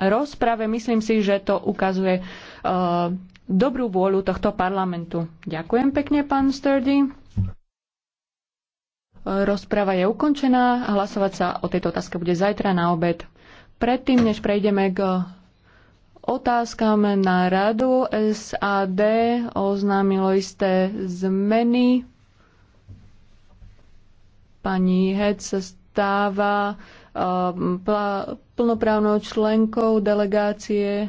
rozprave. Myslím si, že to ukazuje uh, dobrú vôľu tohto parlamentu. Ďakujem pekne, pán Sturdy. Rozprava je ukončená. Hlasovať sa o tejto otázke bude zajtra na obed. Predtým, než prejdeme k otázkam na radu, SAD oznámilo isté zmeny. Pani Hec stáva Ehm, plnoprávnou členkou delegácie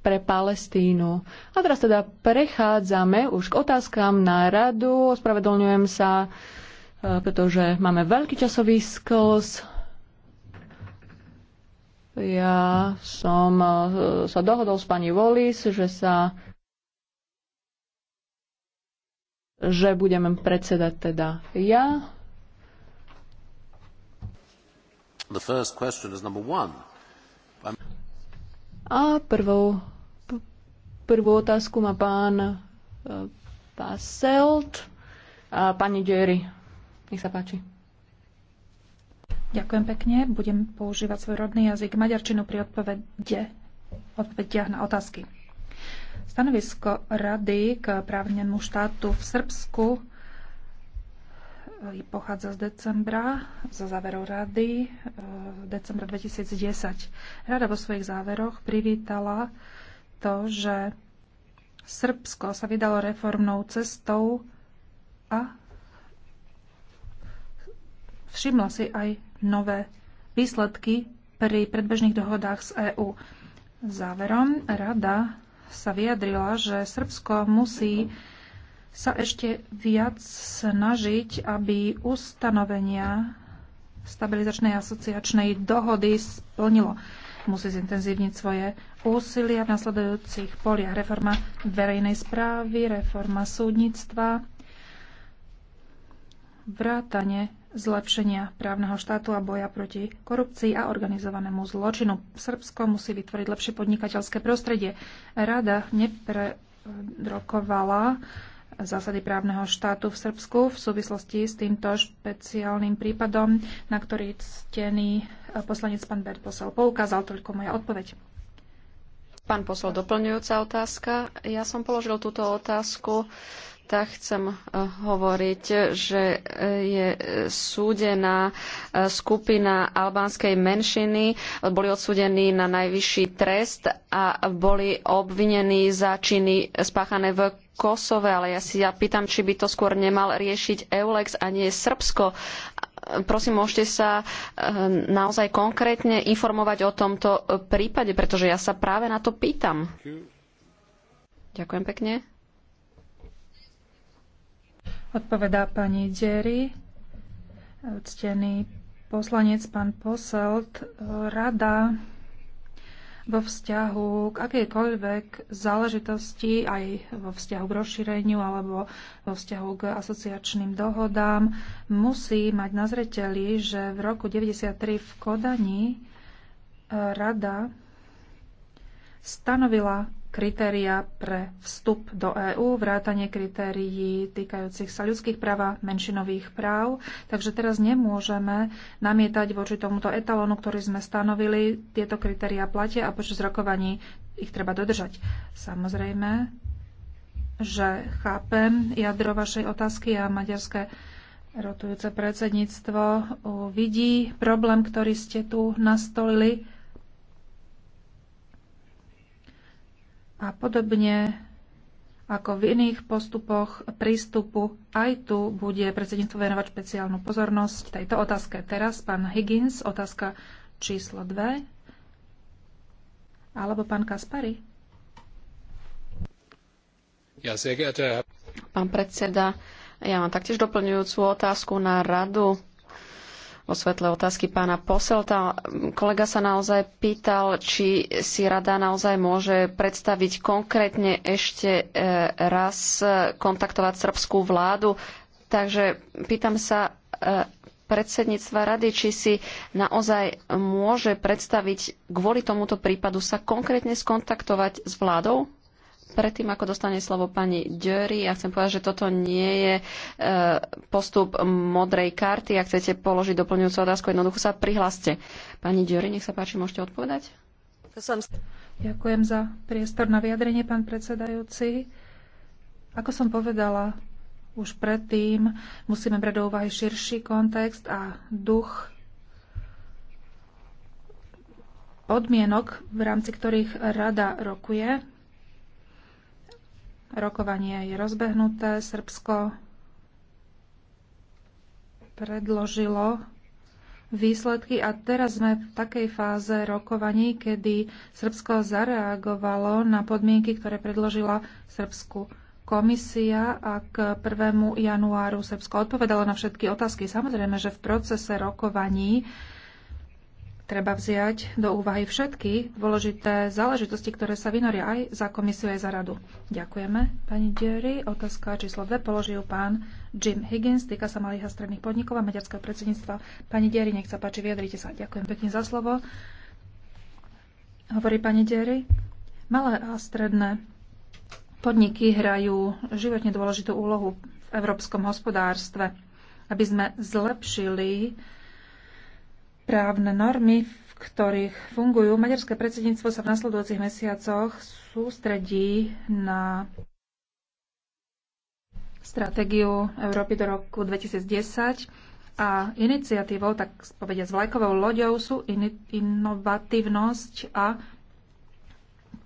pre Palestínu. A teraz teda prechádzame už k otázkam na radu. Ospravedlňujem sa, e, pretože máme veľký časový sklz. Ja som e, sa dohodol s pani Volis, že sa že budem predsedať teda ja A prvou, prvú otázku má pán e, Paselt a pani Jerry. Nech sa páči. Ďakujem pekne. Budem používať svoj rodný jazyk maďarčinu pri odpovede, odpovediach na otázky. Stanovisko rady k právnemu štátu v Srbsku pochádza z decembra, zo záverov rady, e, decembra 2010. Rada vo svojich záveroch privítala to, že Srbsko sa vydalo reformnou cestou a všimla si aj nové výsledky pri predbežných dohodách z EÚ. Záverom rada sa vyjadrila, že Srbsko musí sa ešte viac snažiť, aby ustanovenia stabilizačnej asociačnej dohody splnilo. Musí zintenzívniť svoje úsilia v nasledujúcich poliach reforma verejnej správy, reforma súdnictva, vrátane zlepšenia právneho štátu a boja proti korupcii a organizovanému zločinu. Srbsko musí vytvoriť lepšie podnikateľské prostredie. Rada neprerokovala zásady právneho štátu v Srbsku v súvislosti s týmto špeciálnym prípadom, na ktorý ctený eh, poslanec pán Bert Posel poukázal. Toľko moja odpoveď. Pán posol, doplňujúca otázka. Ja som položil túto otázku tak chcem eh, hovoriť, že eh, je eh, súdená skupina albánskej menšiny, boli odsúdení na najvyšší trest a boli obvinení za činy spáchané v Kosove, ale ja si ja pýtam, či by to skôr nemal riešiť Eulex a nie Srbsko. Prosím, môžete sa naozaj konkrétne informovať o tomto prípade, pretože ja sa práve na to pýtam. Ďakujem pekne. Odpovedá pani Jerry. Ctený poslanec pán Poselt, rada vo vzťahu k akejkoľvek záležitosti, aj vo vzťahu k rozšíreniu alebo vo vzťahu k asociačným dohodám, musí mať na zreteli, že v roku 1993 v Kodani rada stanovila kritéria pre vstup do EÚ, vrátanie kritérií týkajúcich sa ľudských práv a menšinových práv. Takže teraz nemôžeme namietať voči tomuto etalónu, ktorý sme stanovili. Tieto kritéria platia a počas rokovaní ich treba dodržať. Samozrejme, že chápem jadro vašej otázky a maďarské rotujúce predsedníctvo vidí problém, ktorý ste tu nastolili A podobne ako v iných postupoch prístupu, aj tu bude predsedníctvo venovať špeciálnu pozornosť tejto otázke. Teraz pán Higgins, otázka číslo 2. Alebo pán Kaspari. Ja, Pán predseda, ja mám taktiež doplňujúcu otázku na radu vo svetle otázky pána Poselta. Kolega sa naozaj pýtal, či si rada naozaj môže predstaviť konkrétne ešte e, raz kontaktovať srbskú vládu. Takže pýtam sa e, predsedníctva rady, či si naozaj môže predstaviť kvôli tomuto prípadu sa konkrétne skontaktovať s vládou? Predtým, ako dostane slovo pani Dury, ja chcem povedať, že toto nie je e, postup modrej karty. Ak chcete položiť doplňujúcu otázku, jednoducho sa prihláste. Pani Dury, nech sa páči, môžete odpovedať. Ďakujem za priestor na vyjadrenie, pán predsedajúci. Ako som povedala už predtým, musíme brať do úvahy širší kontext a duch podmienok, v rámci ktorých rada rokuje Rokovanie je rozbehnuté. Srbsko predložilo výsledky a teraz sme v takej fáze rokovaní, kedy Srbsko zareagovalo na podmienky, ktoré predložila Srbsku komisia a k 1. januáru Srbsko odpovedalo na všetky otázky. Samozrejme, že v procese rokovaní Treba vziať do úvahy všetky dôležité záležitosti, ktoré sa vynoria aj za komisiu, aj za radu. Ďakujeme, pani Diery. Otázka číslo 2 položil pán Jim Higgins. Týka sa malých a stredných podnikov a maďarského predsedníctva. Pani Diery, nech sa páči, vyjadrite sa. Ďakujem pekne za slovo. Hovorí pani Diery. Malé a stredné podniky hrajú životne dôležitú úlohu v európskom hospodárstve. Aby sme zlepšili právne normy, v ktorých fungujú. Maďarské predsedníctvo sa v nasledujúcich mesiacoch sústredí na stratégiu Európy do roku 2010 a iniciatívou, tak povedia s vlajkovou loďou sú in- inovatívnosť a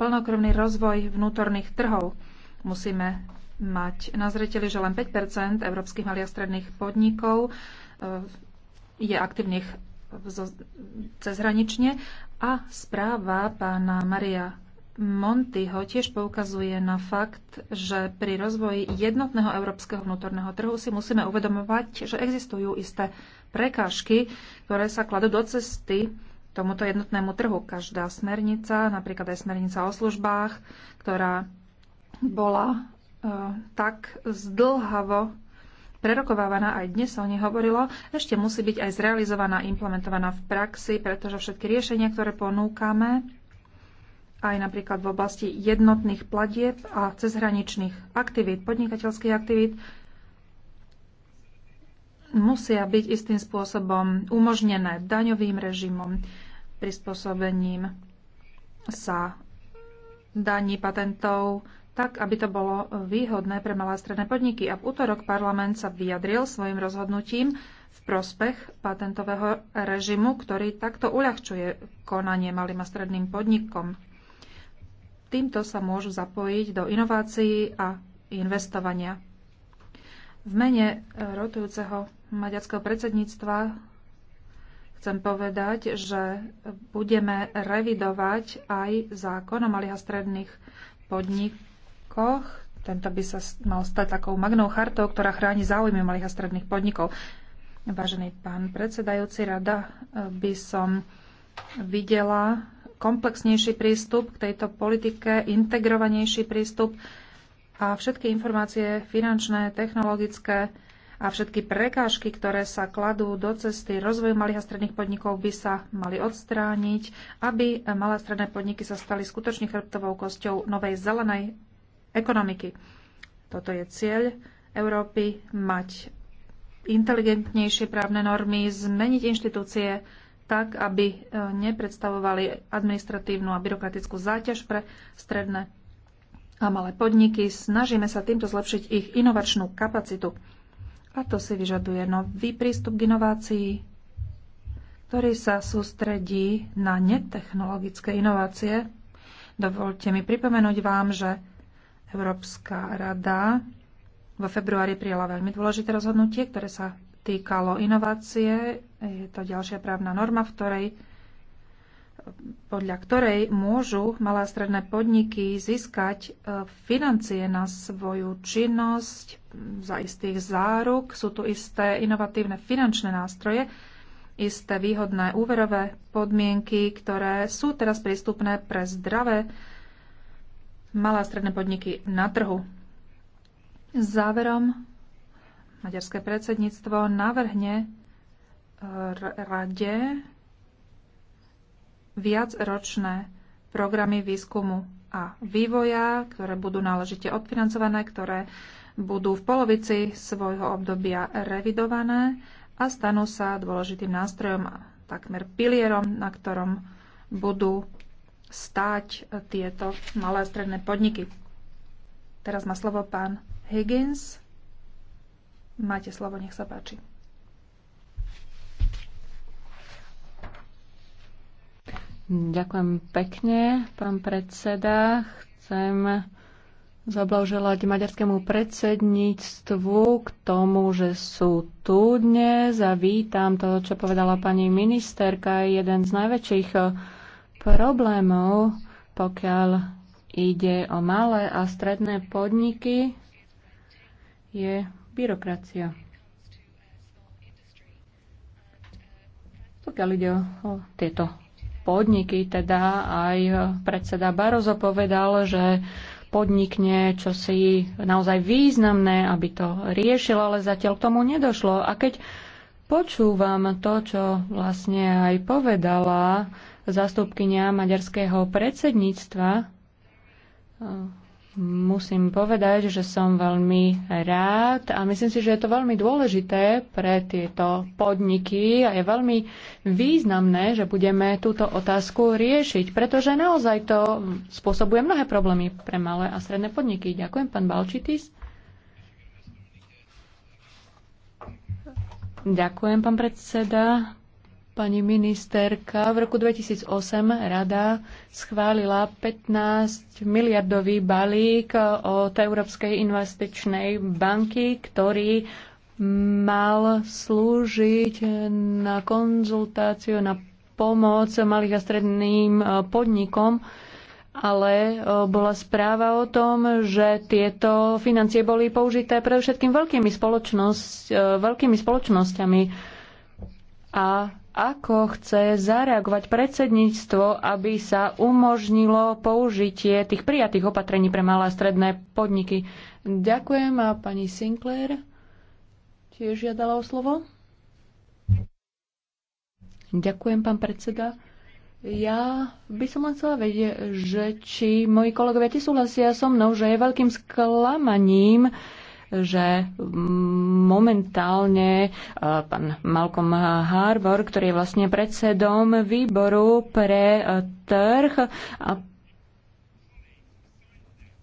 plnokrvný rozvoj vnútorných trhov. Musíme mať na zreteli, že len 5 európskych malých a stredných podnikov eh, je aktívnych cezhranične. A správa pána Maria Montyho tiež poukazuje na fakt, že pri rozvoji jednotného európskeho vnútorného trhu si musíme uvedomovať, že existujú isté prekážky, ktoré sa kladú do cesty tomuto jednotnému trhu. Každá smernica, napríklad aj smernica o službách, ktorá bola e, tak zdlhavo prerokovávaná, aj dnes sa o nej hovorilo, ešte musí byť aj zrealizovaná, implementovaná v praxi, pretože všetky riešenia, ktoré ponúkame, aj napríklad v oblasti jednotných platieb a cezhraničných aktivít, podnikateľských aktivít, musia byť istým spôsobom umožnené daňovým režimom, prispôsobením sa daní patentov, tak, aby to bolo výhodné pre malé stredné podniky. A v útorok parlament sa vyjadril svojim rozhodnutím v prospech patentového režimu, ktorý takto uľahčuje konanie malým a stredným podnikom. Týmto sa môžu zapojiť do inovácií a investovania. V mene e, rotujúceho maďarského predsedníctva chcem povedať, že budeme revidovať aj zákon o malých a stredných podnikoch podnikoch. Tento by sa mal stať takou magnou chartou, ktorá chráni záujmy malých a stredných podnikov. Vážený pán predsedajúci, rada e, by som videla komplexnejší prístup k tejto politike, integrovanejší prístup a všetky informácie finančné, technologické a všetky prekážky, ktoré sa kladú do cesty rozvoju malých a stredných podnikov, by sa mali odstrániť, aby malé a stredné podniky sa stali skutočne chrbtovou kosťou novej zelenej ekonomiky. Toto je cieľ Európy mať inteligentnejšie právne normy, zmeniť inštitúcie tak, aby e, nepredstavovali administratívnu a byrokratickú záťaž pre stredné a malé podniky. Snažíme sa týmto zlepšiť ich inovačnú kapacitu. A to si vyžaduje nový prístup k inovácii, ktorý sa sústredí na netechnologické inovácie. Dovolte mi pripomenúť vám, že Európska rada vo februári prijala veľmi dôležité rozhodnutie, ktoré sa týkalo inovácie. Je to ďalšia právna norma, v ktorej, podľa ktorej môžu malé a stredné podniky získať e, financie na svoju činnosť za istých záruk. Sú tu isté inovatívne finančné nástroje, isté výhodné úverové podmienky, ktoré sú teraz prístupné pre zdravé malé a stredné podniky na trhu. Záverom maďarské predsedníctvo navrhne e, rade viacročné programy výskumu a vývoja, ktoré budú náležite odfinancované, ktoré budú v polovici svojho obdobia revidované a stanú sa dôležitým nástrojom a takmer pilierom, na ktorom budú stáť tieto malé a stredné podniky. Teraz má slovo pán Higgins. Máte slovo, nech sa páči. Ďakujem pekne, pán predseda. Chcem zablahoželať maďarskému predsedníctvu k tomu, že sú tu dnes a vítam to, čo povedala pani ministerka, jeden z najväčších problémov, pokiaľ ide o malé a stredné podniky, je byrokracia. Pokiaľ ide o tieto podniky, teda aj predseda Barozo povedal, že podnikne čosi naozaj významné, aby to riešilo, ale zatiaľ k tomu nedošlo. A keď počúvam to, čo vlastne aj povedala zastupkynia maďarského predsedníctva, musím povedať, že som veľmi rád a myslím si, že je to veľmi dôležité pre tieto podniky a je veľmi významné, že budeme túto otázku riešiť, pretože naozaj to spôsobuje mnohé problémy pre malé a stredné podniky. Ďakujem, pán Balčitis. Ďakujem, pán predseda. Pani ministerka, v roku 2008 rada schválila 15 miliardový balík od Európskej investičnej banky, ktorý mal slúžiť na konzultáciu, na pomoc malých a stredným podnikom ale e, bola správa o tom, že tieto financie boli použité pre všetkým veľkými, spoločnosť, e, veľkými spoločnosťami. A ako chce zareagovať predsedníctvo, aby sa umožnilo použitie tých prijatých opatrení pre malé a stredné podniky? Ďakujem a pani Sinclair tiež žiadala o slovo. Ďakujem, pán predseda. Ja by som len chcela vedieť, že či moji kolegovia ti súhlasia so mnou, že je veľkým sklamaním, že momentálne e, pán Malcolm Harbour, ktorý je vlastne predsedom výboru pre e, trh a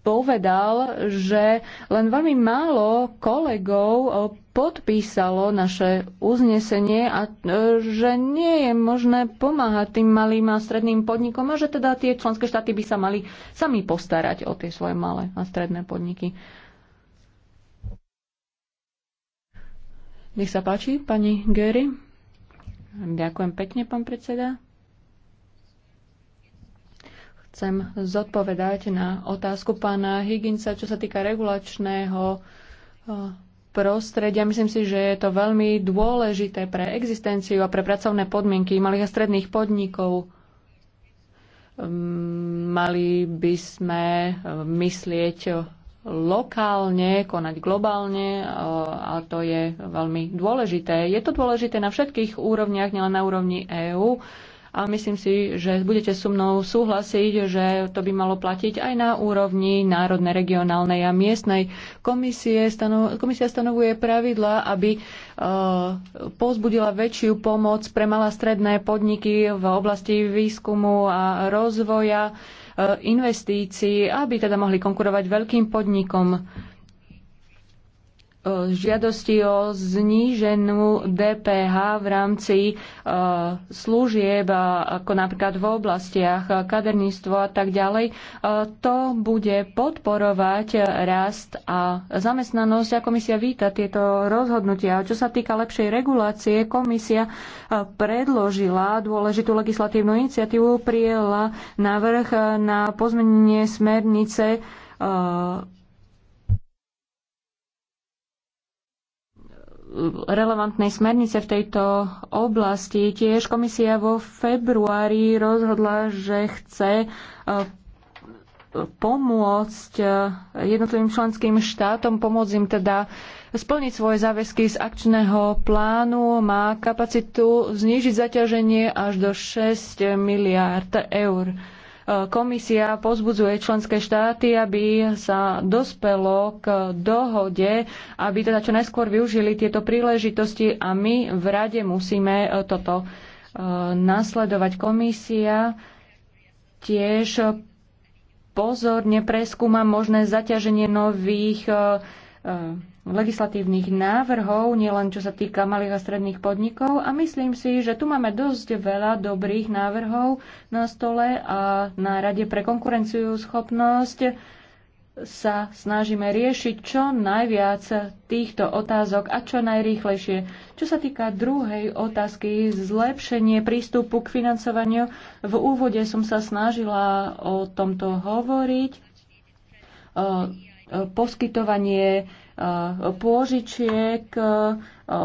povedal, že len veľmi málo kolegov eh, podpísalo naše uznesenie a eh, že nie je možné pomáhať tým malým a stredným podnikom a že teda tie členské štáty by sa mali sami postarať o tie svoje malé a stredné podniky. Nech sa páči, pani Gery. Ďakujem pekne, pán predseda chcem zodpovedať na otázku pána Higginsa, čo sa týka regulačného eh, prostredia. Myslím si, že je to veľmi dôležité pre existenciu a pre pracovné podmienky malých a stredných podnikov. Ehm, mali by sme eh, myslieť lokálne, konať globálne eh, a to je veľmi dôležité. Je to dôležité na všetkých úrovniach, nielen na úrovni EÚ a myslím si, že budete so mnou súhlasiť, že to by malo platiť aj na úrovni národnej, regionálnej a miestnej. Komisie stano, komisia stanovuje pravidla, aby e, pozbudila väčšiu pomoc pre malá stredné podniky v oblasti výskumu a rozvoja, e, investícií, aby teda mohli konkurovať veľkým podnikom žiadosti o zníženú DPH v rámci e, služieb, ako napríklad v oblastiach e, kaderníctvo a tak ďalej. E, to bude podporovať rast a zamestnanosť a komisia víta tieto rozhodnutia. Čo sa týka lepšej regulácie, komisia predložila dôležitú legislatívnu iniciatívu, prijela návrh na pozmenenie smernice relevantnej smernice v tejto oblasti. Tiež komisia vo februári rozhodla, že chce e, pomôcť e, jednotlivým členským štátom, pomôcť im teda splniť svoje záväzky z akčného plánu. Má kapacitu znížiť zaťaženie až do 6 miliárd eur. Komisia pozbudzuje členské štáty, aby sa dospelo k dohode, aby teda čo najskôr využili tieto príležitosti a my v rade musíme e, toto e, nasledovať. Komisia tiež pozorne preskúma možné zaťaženie nových e, legislatívnych návrhov, nielen čo sa týka malých a stredných podnikov. A myslím si, že tu máme dosť veľa dobrých návrhov na stole a na Rade pre konkurenciu schopnosť sa snažíme riešiť čo najviac týchto otázok a čo najrýchlejšie. Čo sa týka druhej otázky, zlepšenie prístupu k financovaniu, v úvode som sa snažila o tomto hovoriť. Poskytovanie Eh, pôžičiek. Eh, eh,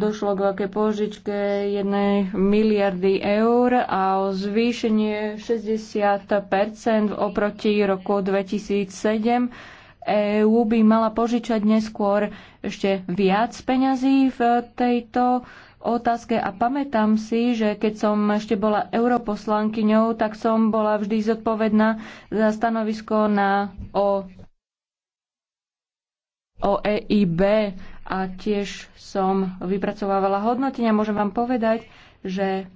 došlo k veľkej pôžičke 1 miliardy eur a o zvýšenie 60 oproti roku 2007. EÚ by mala požičať neskôr ešte viac peňazí v tejto otázke a pamätám si, že keď som ešte bola europoslankyňou, tak som bola vždy zodpovedná za stanovisko na o o EIB a tiež som vypracovávala hodnotenia. Môžem vám povedať, že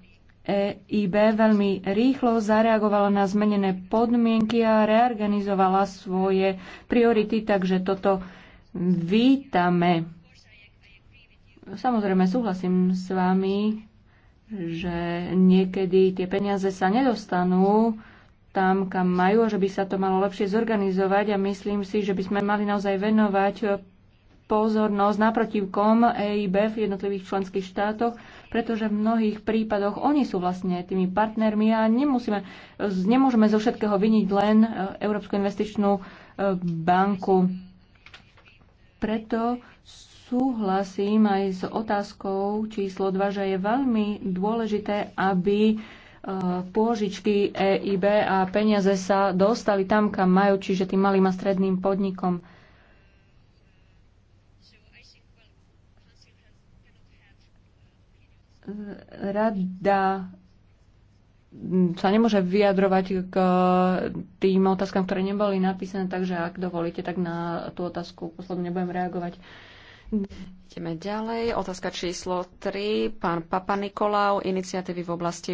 EIB veľmi rýchlo zareagovala na zmenené podmienky a reorganizovala svoje priority, takže toto vítame. Samozrejme, súhlasím s vami, že niekedy tie peniaze sa nedostanú tam, kam majú a že by sa to malo lepšie zorganizovať a myslím si, že by sme mali naozaj venovať eh, pozornosť naprotivkom EIB v jednotlivých členských štátoch, pretože v mnohých prípadoch oni sú vlastne tými partnermi a nemusíme, nemôžeme zo všetkého vyniť len eh, Európsku investičnú eh, banku. Preto súhlasím aj s otázkou číslo 2, že je veľmi dôležité, aby pôžičky EIB a peniaze sa dostali tam, kam majú, čiže tým malým a stredným podnikom. Rada sa nemôže vyjadrovať k tým otázkam, ktoré neboli napísané, takže ak dovolíte, tak na tú otázku posledne budem reagovať. Ideme ďalej. Otázka číslo 3. Pán Papa Nikolau, iniciatívy v oblasti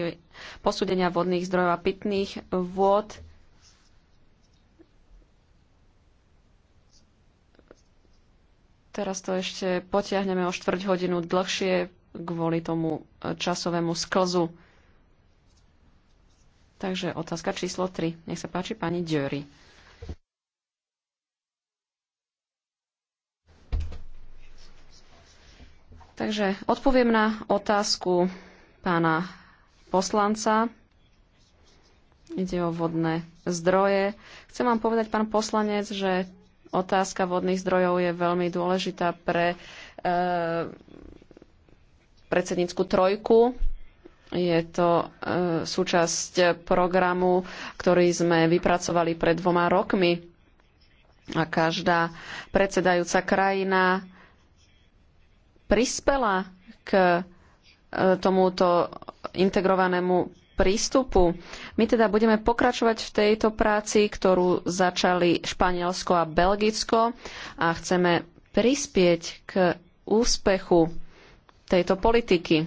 posúdenia vodných zdrojov a pitných vôd. Teraz to ešte potiahneme o štvrť hodinu dlhšie kvôli tomu časovému sklzu. Takže otázka číslo 3. Nech sa páči pani Dury. Takže odpoviem na otázku pána poslanca. Ide o vodné zdroje. Chcem vám povedať, pán poslanec, že otázka vodných zdrojov je veľmi dôležitá pre e, predsednícku trojku. Je to e, súčasť programu, ktorý sme vypracovali pred dvoma rokmi. A každá predsedajúca krajina prispela k e, tomuto integrovanému prístupu. My teda budeme pokračovať v tejto práci, ktorú začali Španielsko a Belgicko a chceme prispieť k úspechu tejto politiky.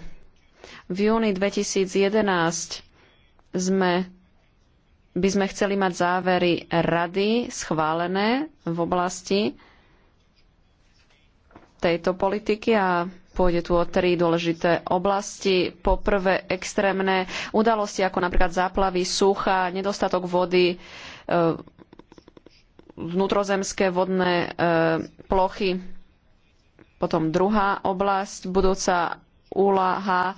V júni 2011 sme, by sme chceli mať závery rady schválené v oblasti tejto politiky a pôjde tu o tri dôležité oblasti. Po prvé, extrémne udalosti, ako napríklad záplavy, sucha, nedostatok vody, e, vnútrozemské vodné e, plochy. Potom druhá oblasť, budúca úlaha e,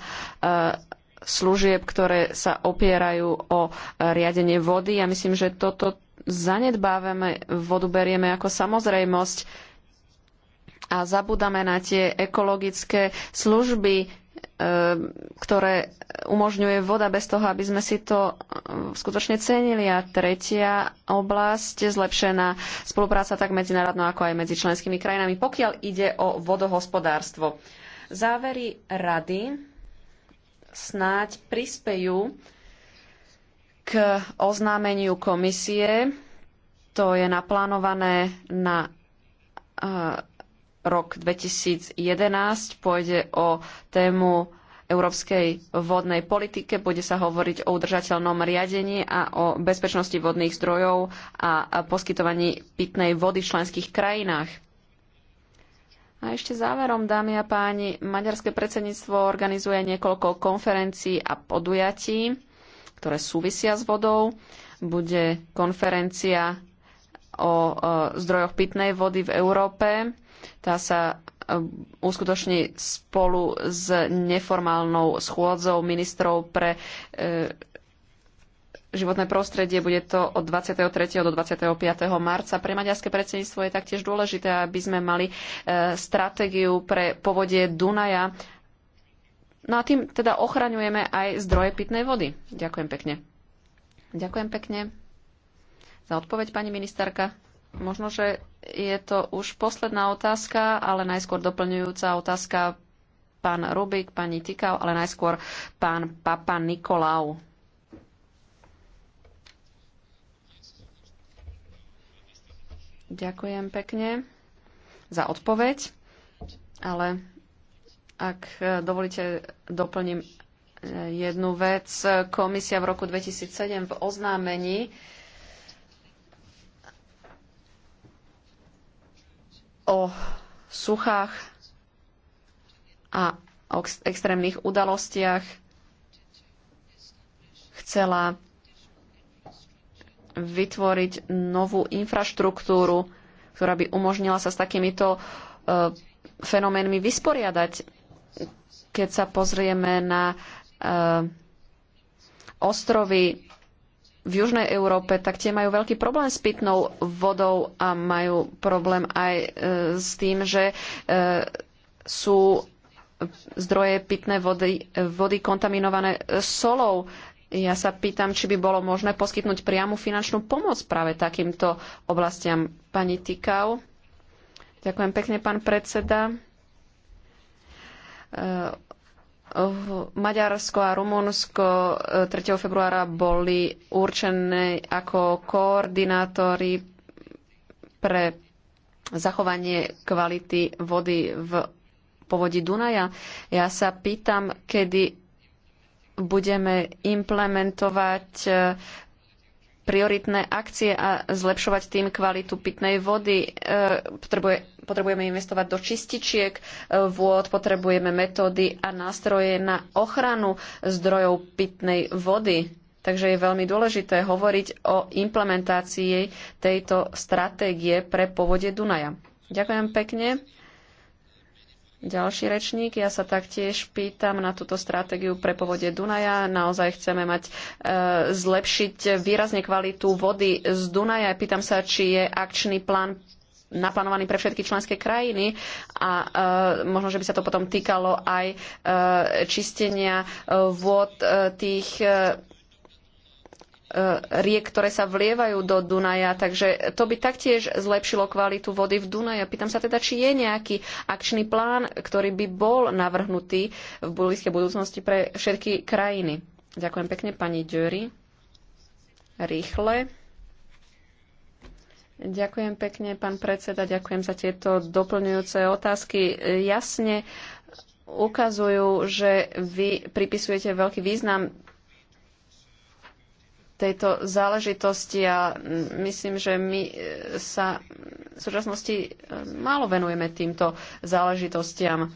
služieb, ktoré sa opierajú o riadenie vody. Ja myslím, že toto zanedbávame, vodu berieme ako samozrejmosť a zabudáme na tie ekologické služby, e, ktoré umožňuje voda bez toho, aby sme si to e, skutočne cenili. A tretia oblasť, zlepšená spolupráca tak medzinárodno, ako aj medzi členskými krajinami, pokiaľ ide o vodohospodárstvo. Závery rady snáď prispejú k oznámeniu komisie. To je naplánované na e, rok 2011. Pôjde o tému európskej vodnej politike. Bude sa hovoriť o udržateľnom riadení a o bezpečnosti vodných zdrojov a poskytovaní pitnej vody v členských krajinách. A ešte záverom, dámy a páni, maďarské predsedníctvo organizuje niekoľko konferencií a podujatí, ktoré súvisia s vodou. Bude konferencia o zdrojoch pitnej vody v Európe tá sa e, uskutoční spolu s neformálnou schôdzou ministrov pre e, životné prostredie. Bude to od 23. do 25. marca. Pre maďarské predsedníctvo je taktiež dôležité, aby sme mali e, stratégiu pre povodie Dunaja. No a tým teda ochraňujeme aj zdroje pitnej vody. Ďakujem pekne. Ďakujem pekne za odpoveď, pani ministerka. Možno, že je to už posledná otázka, ale najskôr doplňujúca otázka pán Rubik, pani Tikau, ale najskôr pán Papa Nikolau. Ďakujem pekne za odpoveď, ale ak dovolíte, doplním eh, jednu vec. Komisia v roku 2007 v oznámení o suchách a o extrémnych udalostiach chcela vytvoriť novú infraštruktúru, ktorá by umožnila sa s takýmito e, fenoménmi vysporiadať. Keď sa pozrieme na e, ostrovy v Južnej Európe, tak tie majú veľký problém s pitnou vodou a majú problém aj e, s tým, že e, sú zdroje pitnej vody, vody kontaminované solou. Ja sa pýtam, či by bolo možné poskytnúť priamu finančnú pomoc práve takýmto oblastiam. Pani Tikau. Ďakujem pekne, pán predseda. E, Maďarsko a Rumunsko 3. E, februára boli určené ako koordinátori pre zachovanie kvality vody v povodí Dunaja. Ja sa pýtam, kedy budeme implementovať e, prioritné akcie a zlepšovať tým kvalitu pitnej vody. E, potrebuje potrebujeme investovať do čističiek e, vôd, potrebujeme metódy a nástroje na ochranu zdrojov pitnej vody. Takže je veľmi dôležité hovoriť o implementácii tejto stratégie pre povode Dunaja. Ďakujem pekne. Ďalší rečník, ja sa taktiež pýtam na túto stratégiu pre povode Dunaja. Naozaj chceme mať e, zlepšiť výrazne kvalitu vody z Dunaja. Pýtam sa, či je akčný plán naplánovaný pre všetky členské krajiny a e, možno, že by sa to potom týkalo aj e, čistenia e, vôd e, tých e, e riek, ktoré sa vlievajú do Dunaja, takže to by taktiež zlepšilo kvalitu vody v Dunaja. Pýtam sa teda, či je nejaký akčný plán, ktorý by bol navrhnutý v blízkej budúcnosti pre všetky krajiny. Ďakujem pekne, pani Dury. Rýchle. Ďakujem pekne, pán predseda, ďakujem za tieto doplňujúce otázky. Jasne ukazujú, že vy pripisujete veľký význam tejto záležitosti a myslím, že my e, sa v súčasnosti e, málo venujeme týmto záležitostiam. E,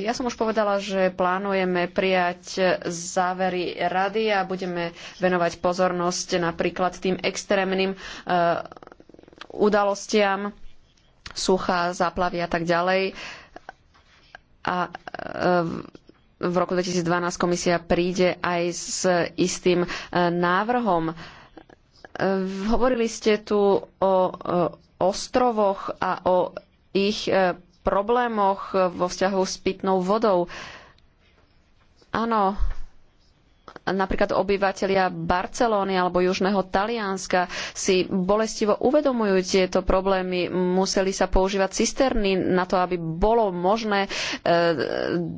ja som už povedala, že plánujeme prijať závery rady a budeme venovať pozornosť napríklad tým extrémnym udalostiam, suchá, záplavy a tak ďalej. A e, v roku 2012 komisia príde aj s istým e, návrhom. E, hovorili ste tu o ostrovoch a o ich problémoch vo vzťahu s pitnou vodou. Áno, napríklad obyvateľia Barcelóny alebo Južného Talianska si bolestivo uvedomujú tieto problémy. Museli sa používať cisterny na to, aby bolo možné e,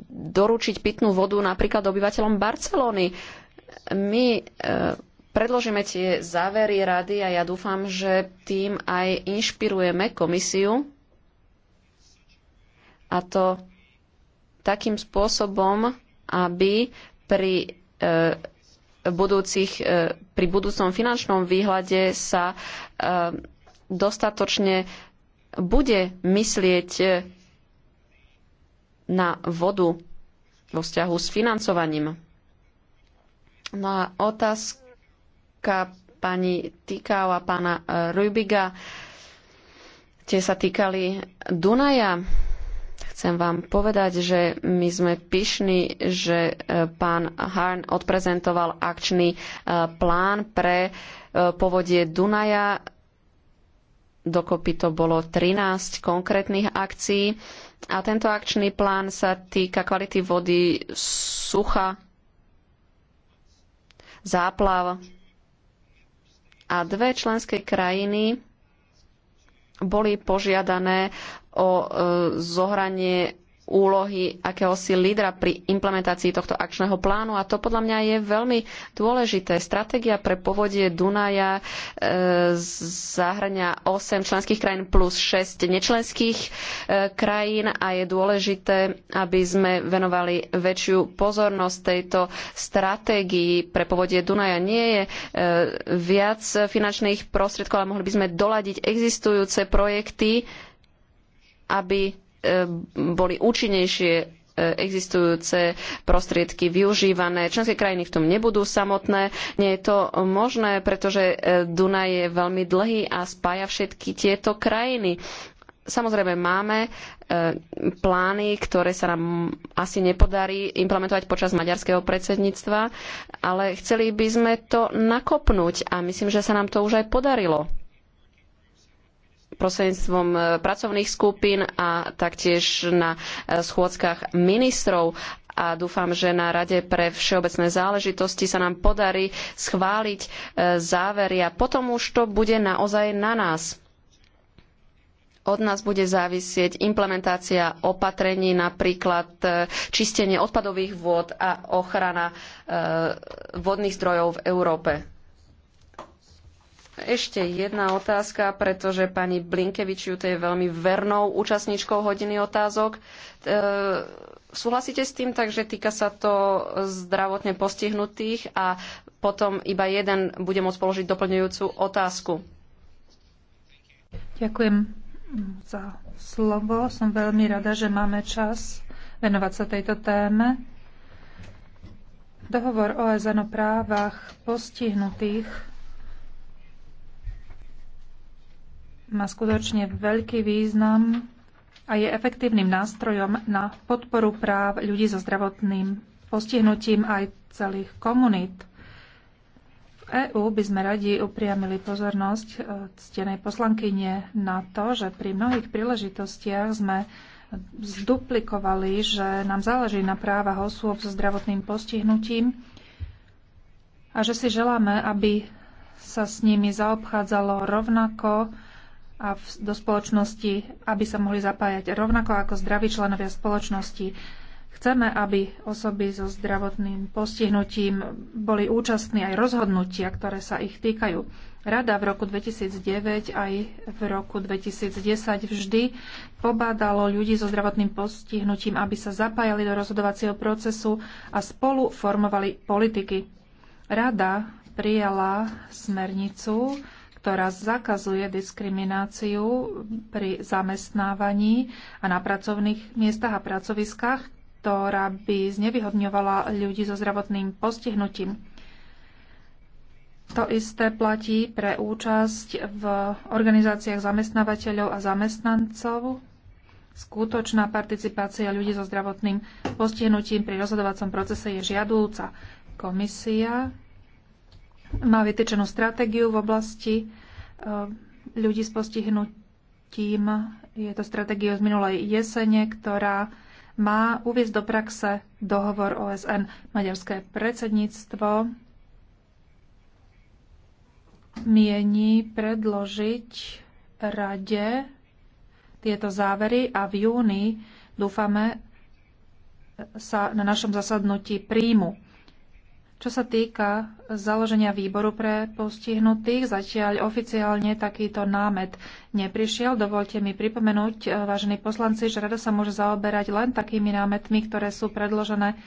doručiť pitnú vodu napríklad obyvateľom Barcelóny. My e, predložíme tie závery rady a ja dúfam, že tým aj inšpirujeme komisiu a to takým spôsobom, aby pri E, budúcich, e, pri budúcom finančnom výhľade sa e, dostatočne bude myslieť na vodu vo vzťahu s financovaním. No a otázka pani Tikau a pána Rubiga, tie sa týkali Dunaja. Chcem vám povedať, že my sme pyšní, že e, pán Harn odprezentoval akčný e, plán pre e, povodie Dunaja. Dokopy to bolo 13 konkrétnych akcií. A tento akčný plán sa týka kvality vody, sucha, záplav. A dve členské krajiny boli požiadané o e, zohranie úlohy akéhosi lídra pri implementácii tohto akčného plánu a to podľa mňa je veľmi dôležité. Stratégia pre povodie Dunaja e, zahrania 8 členských krajín plus 6 nečlenských e, krajín a je dôležité, aby sme venovali väčšiu pozornosť tejto stratégii pre povodie Dunaja. Nie je e, viac finančných prostriedkov, ale mohli by sme doladiť existujúce projekty aby e, boli účinnejšie e, existujúce prostriedky využívané. Členské krajiny v tom nebudú samotné. Nie je to možné, pretože e, Dunaj je veľmi dlhý a spája všetky tieto krajiny. Samozrejme, máme plány, ktoré sa nám asi nepodarí implementovať počas maďarského predsedníctva, ale chceli by sme to nakopnúť a myslím, že sa nám to už aj podarilo prostredníctvom e, pracovných skupín a taktiež na e, schôdzkach ministrov a dúfam, že na Rade pre všeobecné záležitosti sa nám podarí schváliť e, závery a potom už to bude naozaj na nás. Od nás bude závisieť implementácia opatrení, napríklad čistenie odpadových vôd a ochrana vodných zdrojov v Európe. Ešte jedna otázka, pretože pani to je veľmi vernou účastníčkou hodiny otázok. E, súhlasíte s tým, takže týka sa to zdravotne postihnutých a potom iba jeden bude môcť položiť doplňujúcu otázku. Ďakujem za slovo. Som veľmi rada, že máme čas venovať sa tejto téme. Dohovor OSN o právach postihnutých má skutočne veľký význam a je efektívnym nástrojom na podporu práv ľudí so zdravotným postihnutím aj celých komunít. V EÚ by sme radi upriamili pozornosť e, ctenej poslankyne na to, že pri mnohých príležitostiach sme zduplikovali, že nám záleží na práva osôb so zdravotným postihnutím a že si želáme, aby sa s nimi zaobchádzalo rovnako a v, do spoločnosti, aby sa mohli zapájať rovnako ako zdraví členovia spoločnosti. Chceme, aby osoby so zdravotným postihnutím boli účastní aj rozhodnutia, ktoré sa ich týkajú. Rada v roku 2009 aj v roku 2010 vždy pobádalo ľudí so zdravotným postihnutím, aby sa zapájali do rozhodovacieho procesu a spolu formovali politiky. Rada prijala smernicu ktorá zakazuje diskrimináciu pri zamestnávaní a na pracovných miestach a pracoviskách, ktorá by znevyhodňovala ľudí so zdravotným postihnutím. To isté platí pre účasť v organizáciách zamestnávateľov a zamestnancov. Skutočná participácia ľudí so zdravotným postihnutím pri rozhodovacom procese je žiadúca. Komisia má vytýčenú stratégiu v oblasti eh, ľudí s postihnutím. Je to stratégia z minulej jesene, ktorá má uviezť do praxe dohovor OSN. Maďarské predsedníctvo mieni predložiť rade tieto závery a v júni dúfame sa na našom zasadnutí príjmu. Čo sa týka založenia výboru pre postihnutých, zatiaľ oficiálne takýto námet neprišiel. Dovolte mi pripomenúť, e, vážení poslanci, že rada sa môže zaoberať len takými námetmi, ktoré sú predložené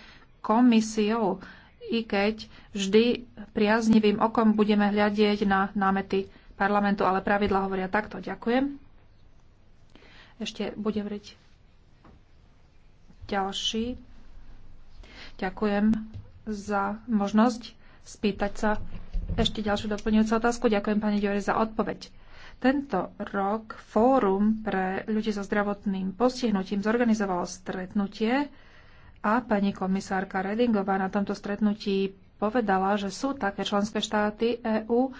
komisiou, i keď vždy priaznivým okom budeme hľadieť na námety parlamentu, ale pravidla hovoria takto. Ďakujem. Ešte bude vriť ďalší. Ďakujem za možnosť spýtať sa ešte ďalšiu doplňujúcu otázku. Ďakujem pani Ďore za odpoveď. Tento rok Fórum pre ľudí so zdravotným postihnutím zorganizovalo stretnutie a pani komisárka Redingová na tomto stretnutí povedala, že sú také členské štáty EÚ,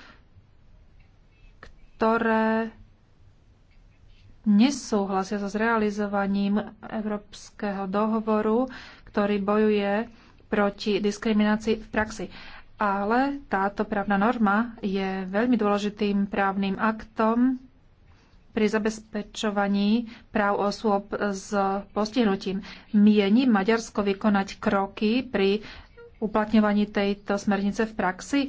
ktoré nesúhlasia so zrealizovaním Európskeho dohovoru, ktorý bojuje proti diskriminácii v praxi. Ale táto právna norma je veľmi dôležitým právnym aktom pri zabezpečovaní práv osôb s postihnutím. Mieni Maďarsko vykonať kroky pri uplatňovaní tejto smernice v praxi?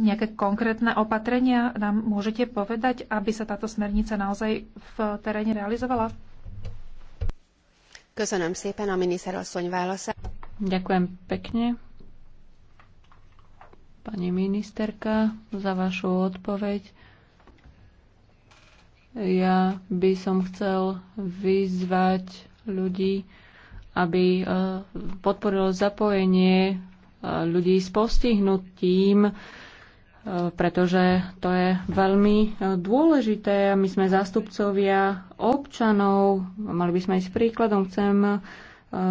Nejaké konkrétne opatrenia nám môžete povedať, aby sa táto smernica naozaj v teréne realizovala? Köszönöm szépen a miniszter asszony válaszát. Ďakujem pekne, pani ministerka, za vašu odpoveď. Ja by som chcel vyzvať ľudí, aby e, podporilo zapojenie e, ľudí s postihnutím, e, pretože to je veľmi dôležité a my sme zástupcovia občanov, mali by sme ísť príkladom, chcem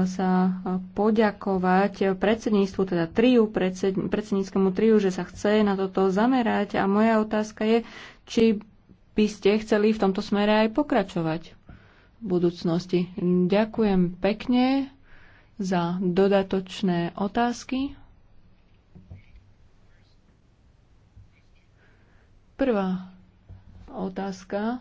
sa poďakovať predsedníctvu, teda triu, predsed, predsedníckému triu, že sa chce na toto zamerať a moja otázka je, či by ste chceli v tomto smere aj pokračovať v budúcnosti. Ďakujem pekne za dodatočné otázky. Prvá otázka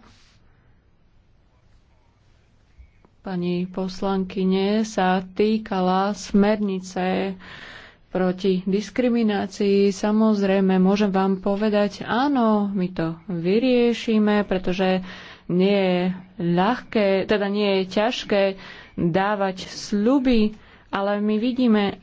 pani poslankyne sa týkala smernice proti diskriminácii. Samozrejme, môžem vám povedať, áno, my to vyriešime, pretože nie je ľahké, teda nie je ťažké dávať sľuby, ale my vidíme,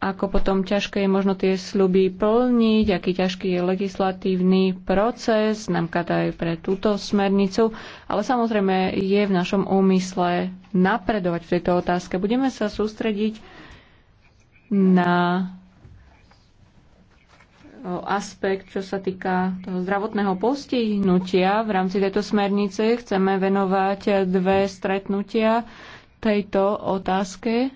ako potom ťažké je možno tie sľuby plniť, aký ťažký je legislatívny proces, nám aj pre túto smernicu. Ale samozrejme je v našom úmysle napredovať v tejto otázke. Budeme sa sústrediť na aspekt, čo sa týka toho zdravotného postihnutia v rámci tejto smernice. Chceme venovať dve stretnutia tejto otázke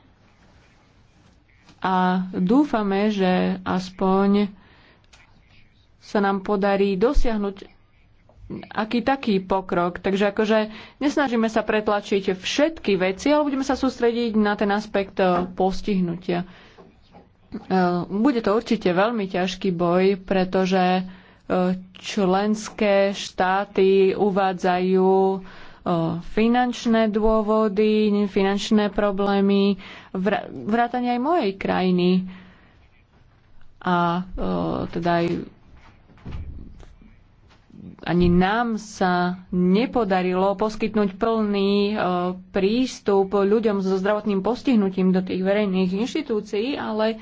a dúfame, že aspoň sa nám podarí dosiahnuť aký taký pokrok. Takže akože nesnažíme sa pretlačiť všetky veci, ale budeme sa sústrediť na ten aspekt e, postihnutia. E, bude to určite veľmi ťažký boj, pretože e, členské štáty uvádzajú finančné dôvody, finančné problémy, vrátane aj mojej krajiny a teda aj ani nám sa nepodarilo poskytnúť plný prístup ľuďom so zdravotným postihnutím do tých verejných inštitúcií, ale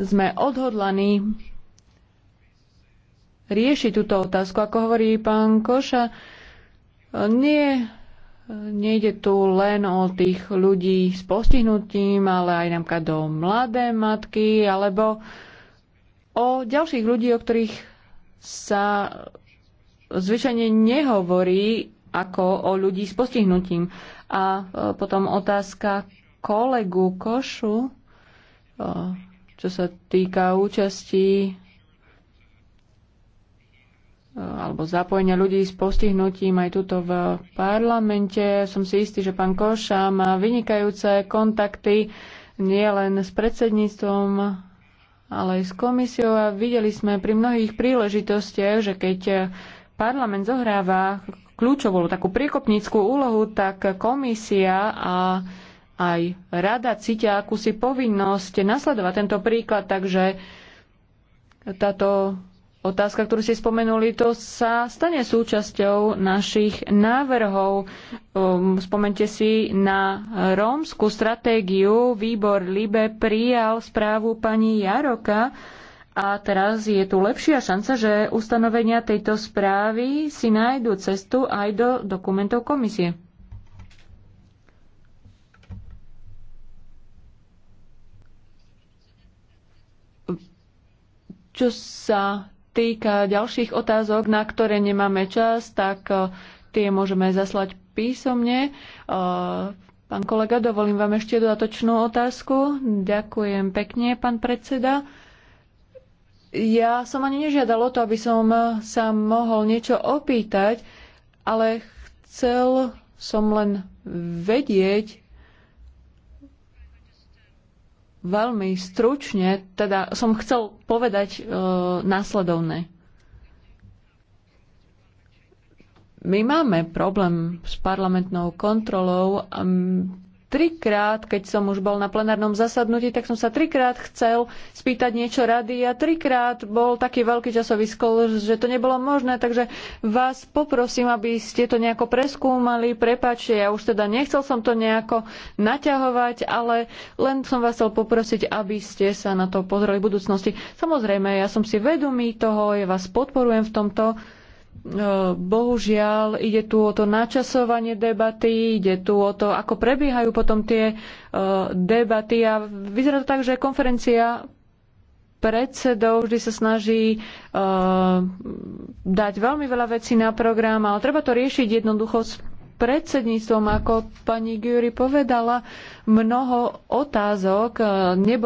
sme odhodlaní riešiť túto otázku. Ako hovorí pán Koša, nie, nejde tu len o tých ľudí s postihnutím, ale aj napríklad o mladé matky, alebo o ďalších ľudí, o ktorých sa zvyčajne nehovorí ako o ľudí s postihnutím. A e, potom otázka kolegu Košu, e, čo sa týka účasti alebo zapojenia ľudí s postihnutím aj tuto v parlamente. Som si istý, že pán Koša má vynikajúce kontakty nie len s predsedníctvom, ale aj s komisiou a videli sme pri mnohých príležitostiach, že keď parlament zohráva kľúčovú, takú priekopnícku úlohu, tak komisia a aj rada cítia akúsi povinnosť nasledovať tento príklad, takže táto otázka, ktorú ste spomenuli, to sa stane súčasťou našich návrhov. Um, spomente si na rómsku stratégiu. Výbor Libe prijal správu pani Jaroka a teraz je tu lepšia šanca, že ustanovenia tejto správy si nájdu cestu aj do dokumentov komisie. čo sa týka ďalších otázok, na ktoré nemáme čas, tak eh, tie môžeme zaslať písomne. Eh, pán kolega, dovolím vám ešte dodatočnú otázku. Ďakujem pekne, pán predseda. Ja som ani nežiadal o to, aby som sa mohol niečo opýtať, ale chcel som len vedieť, veľmi stručne, teda som chcel povedať e, následovné. My máme problém s parlamentnou kontrolou. A trikrát, keď som už bol na plenárnom zasadnutí, tak som sa trikrát chcel spýtať niečo rady a trikrát bol taký veľký časový skol, že to nebolo možné, takže vás poprosím, aby ste to nejako preskúmali, prepáčte, ja už teda nechcel som to nejako naťahovať, ale len som vás chcel poprosiť, aby ste sa na to pozreli v budúcnosti. Samozrejme, ja som si vedomý toho, ja vás podporujem v tomto, E, bohužiaľ ide tu o to načasovanie debaty, ide tu o to, ako prebiehajú potom tie e, debaty a vyzerá to tak, že konferencia predsedov vždy sa snaží e, dať veľmi veľa vecí na program, ale treba to riešiť jednoducho s predsedníctvom, ako pani Gyuri povedala, mnoho otázok nebolo